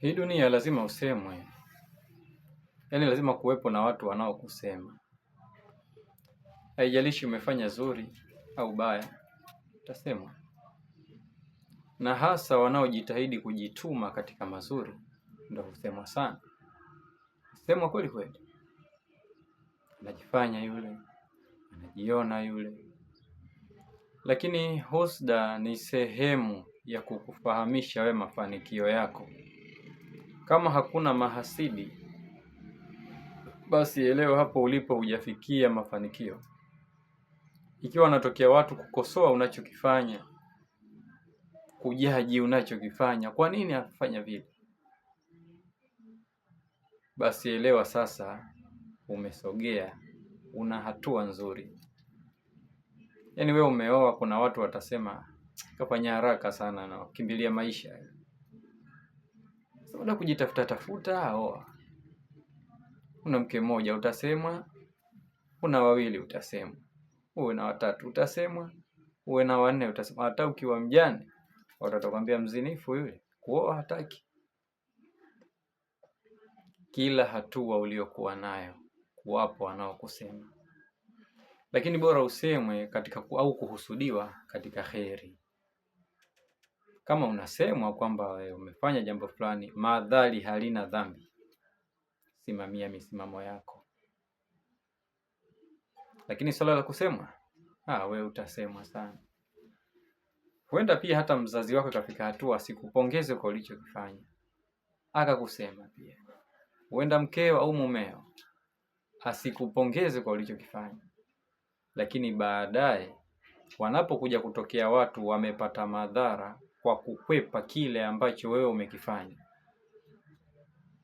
Hii dunia lazima usemwe, yaani lazima kuwepo na watu wanaokusema. Haijalishi umefanya zuri au baya, utasemwa, na hasa wanaojitahidi kujituma katika mazuri ndio husemwa sana, semwa kweli kweli, anajifanya yule, anajiona yule. Lakini husda ni sehemu ya kukufahamisha we mafanikio yako. Kama hakuna mahasidi, basi elewa hapo ulipo hujafikia mafanikio. Ikiwa wanatokea watu kukosoa unachokifanya, kujaji unachokifanya, kwa nini afanya vile, basi elewa sasa umesogea, una hatua nzuri. Yaani wewe umeoa, kuna watu watasema kafanya haraka sana, na kimbilia maisha So, una kujitafuta tafuta, au Una mke mmoja utasemwa, una wawili utasemwa, uwe na watatu utasemwa, uwe na wanne utasemwa. Hata ukiwa mjane watatokwambia mzinifu yule, kuoa hataki. Kila hatua uliokuwa nayo kuwapo wanaokusema, lakini bora usemwe katika au kuhusudiwa katika kheri. Kama unasemwa kwamba eh, umefanya jambo fulani, madhali halina dhambi, simamia misimamo yako. Lakini swala la kusemwa, ah, wewe utasemwa sana. Huenda pia hata mzazi wako kafika hatua asikupongeze kwa ulichokifanya, akakusema pia. Huenda mkeo au mumeo asikupongeze kwa ulichokifanya, lakini baadaye wanapokuja kutokea watu wamepata madhara kwa kukwepa kile ambacho wewe umekifanya.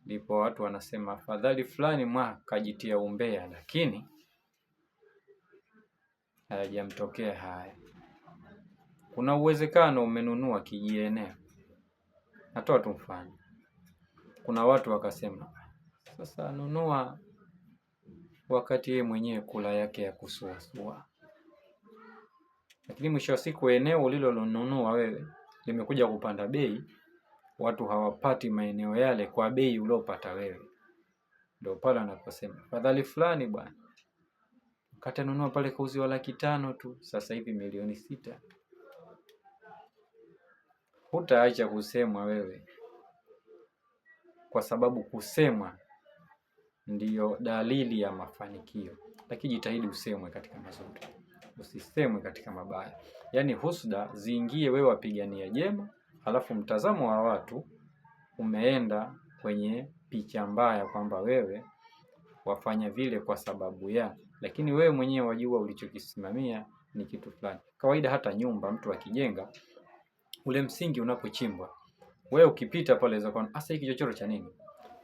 Ndipo watu wanasema afadhali fulani mwa kajitia umbea, lakini hayajamtokea haya. Kuna uwezekano umenunua kijienea. Natoa tu mfano, kuna watu wakasema sasa nunua wakati yeye mwenyewe kula yake ya kusuasua, lakini mwisho wa siku eneo ulilonunua wewe limekuja kupanda bei, watu hawapati maeneo yale kwa bei uliopata wewe. Ndio pale anaposema fadhali fulani bwana, katanunua anunua pale kauziwa laki tano tu, sasa hivi milioni sita. Hutaacha kusemwa wewe, kwa sababu kusemwa ndiyo dalili ya mafanikio, lakini jitahidi usemwe katika mazuri usisemwe katika mabaya. Yaani husda ziingie wewe wapigania jema, halafu mtazamo wa watu umeenda kwenye picha mbaya kwamba wewe wafanya vile kwa sababu ya, lakini wewe mwenyewe wajua ulichokisimamia ni kitu fulani. Kawaida hata nyumba mtu akijenga, ule msingi unapochimbwa, wewe ukipita pale za kwa ah, asa, hiki chochoro cha nini?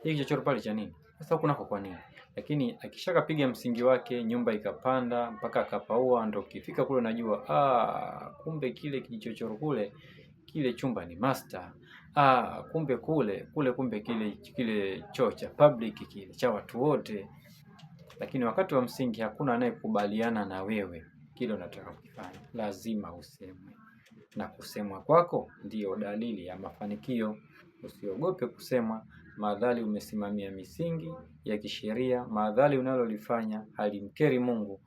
Hiki chochoro pale cha nini? Sasa huku nako kwa nini? Lakini akishakapiga msingi wake, nyumba ikapanda mpaka akapaua, ndo kifika kule najua, ah, kumbe kile kijichochoro kule kile chumba ni master. Ah, kumbe kule kule, kumbe kile kile choo cha public kile cha watu wote. Lakini wakati wa msingi hakuna anayekubaliana na wewe kile unataka kufanya, lazima usemwe, na kusemwa kwako ndiyo dalili ya mafanikio. Usiogope kusemwa maadhali umesimamia misingi ya kisheria, maadhali unalolifanya halimkeri Mungu,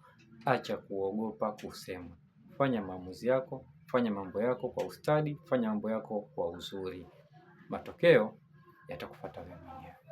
acha kuogopa kusema Fanya maamuzi yako, fanya mambo yako kwa ustadi, fanya mambo yako kwa uzuri, matokeo yatakufuata vya mwenyewe.